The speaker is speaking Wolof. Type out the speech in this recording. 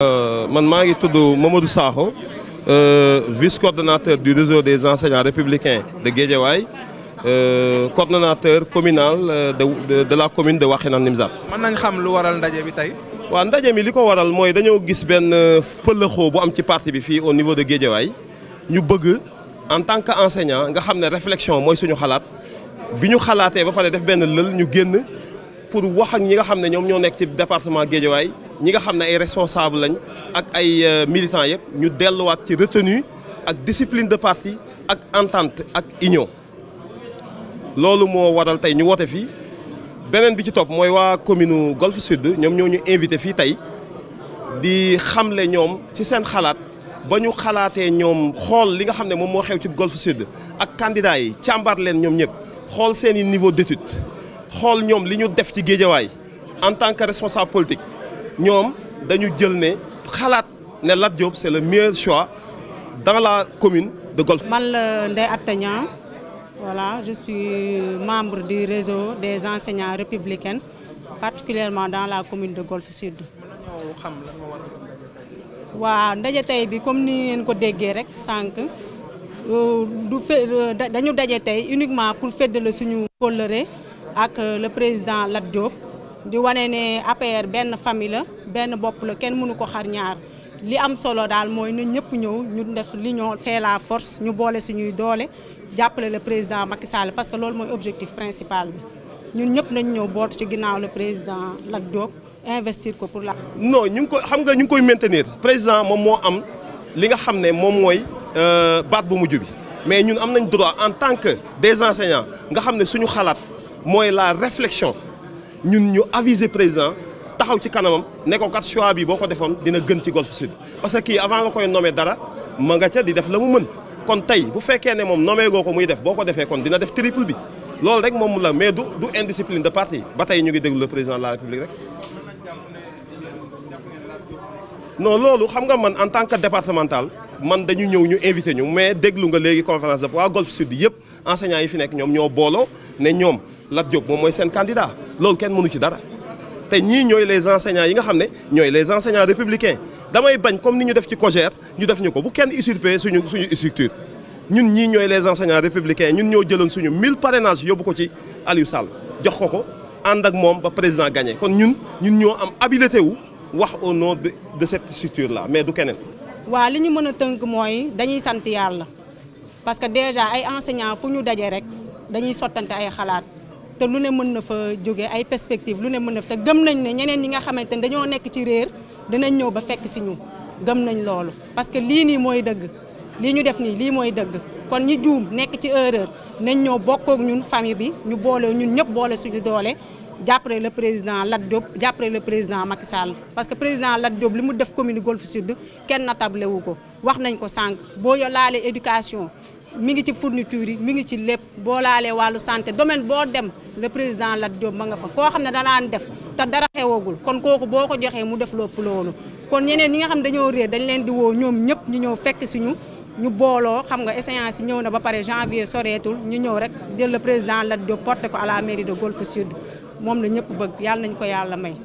Euh, man maa ngi tudd Mamadou Sakho euh, vice coordonnateur du réseau des enseignants républicains de Guédiawaye euh, coordonnateur communal de la commune de Wakhinane Nimzatt. mën nañ xam lu waral ndaje bi tey. waa ndaje mi li ko waral mooy dañoo gis benn fëlëxoo bu am ci parti bi fii au niveau de Guédiawaye ñu bëgg en tant que enseignant nga xam ne réflexion mooy suñu xalaat bi ñu xalaatee ba pare def benn lël ñu génn pour wax ak ñi nga xam ne ñoom ñoo nekk ci département Guédiawaye ñi nga xam ne ay responsable lañ ak ay euh, militants yëpp ñu delluwaat ci retenue ak discipline de parti ak entente ak union loolu moo waral tey ñu woote fii beneen bi ci topp mooy waa commune Golf Sud ñoom ñoo ñu invité fii tey di xamle ñoom ci seen xalaat ba ñu xalaatee ñoom xool li nga xam ne moom moo xew ci Golf Sud ak candidats yi cambar leen ñoom ñëpp xool seeni niveau d'étude xool ñoom li ñu def ci géejawaay en tant que responsable politique ñoom dañu jël ne xalaat ne Lat c'est le meilleur choix dans la commune de Golf. man la Ndeye Atagnan voilà je suis membre du réseau des enseignants républicains particulièrement dans la commune de Golf Sud. waa ndaje tey bi comme ni ngeen ko déggee rek sànq du dañu daje tey uniquement pour féddale suñu kóllëre ak le président Lat Diop. di wane ne APR benn famille la benn bopp la kenn mënu ko xar ñaar li am solo daal mooy na ñëpp ñëw ñu li l'union fait la force ñu boole suñuy doole jàppale le président Macky Sall parce que loolu mooy objectif principal bi ñun ñëpp nañ ñëw boot ci ginnaaw le président Lat Diop investir ko pour la. non ñu ngi ko xam nga ñu ngi koy maintenir président moom moo am li nga xam ne moom mooy euh, baat bu mujj bi mais ñun am nañ droit en tant que des enseignants nga xam ne suñu xalaat mooy la réflexion. ñun ñu aviser président taxaw ci kanamam ne ko kat choix bi boo ko defoon dina gën ci Golf Sud parce que kii avant nga koy nommer dara ma nga ca di def la mu mën kon tey bu fekkee ne moom nommer goo ko muy def boo ko defee kon dina def triple bi loolu rek moom la mais du du indiscipline de parti ba tey ñu ngi déglu le président de la république rek. non loolu xam nga man en tant que départemental man dañu ñëw ñu invité ñu mais déglu nga léegi conférence de waa Golf yëpp enseignants yi fi nekk ñoom ñoo booloo ne ñoom. Lat Diop moom mooy seen candidat loolu kenn mënu ci dara te ñii ñooy les enseignants yi nga xam ne ñooy les enseignants républicains damay bañ comme ni ñu def ci COGER ñu def ñu ko bu kenn usurper suñu suñu structure ñun ñii ñooy les enseignants républicains ñun ñoo jëloon suñu mille parrainages yóbbu ko ci Aliou Sall jox ko ko ànd ak moom ba président gañe kon ñun ñun ñoo am habilité wu wax au nom de de cette structure la mais du keneen. waaw li ñu mën a tënk mooy dañuy sant yàlla parce que déjà ay enseignants fu ñu daje rek dañuy sottante ay xalaat. te lu ne mën na fa jóge ay perspective lu ne mën na fa te gëm nañ ne ñeneen ñi nga xamante ne dañoo nekk ci réer danañ ñëw ba fekk si ñu gëm nañ loolu parce que lii nii mooy dëgg lii ñu def nii lii mooy dëgg kon ñi juum nekk ci erreur nañ ñëw bokk ak ñun famille bi ñu boole ñun ñëpp boole suñu doole jàppale le président Lat Diop jàppale le président Macky Sall parce que président Lat Diop li mu def commune Golf Sud kenn natable wu ko wax nañ ko sànq boo laalee éducation mi ngi ci fourniture yi mi ngi ci lépp boolaalee laalee wàllu santé domaine boo dem le président Lat Diop ma nga fa koo xam ne danaan def te dara xewagul kon kooku boo ko joxee mu def lépp loolu kon ñeneen ñi nga xam dañoo réer dañ leen di woo ñoom ñëpp ñu ñëw fekk suñu ñu booloo xam nga échéance yi ñëw na ba pare janvier soreetul ñu ñëw rek jël le président Lat Diop porté ko à la mairie de Golfe Sud moom la ñëpp bëgg yàlla nañ ko yàlla may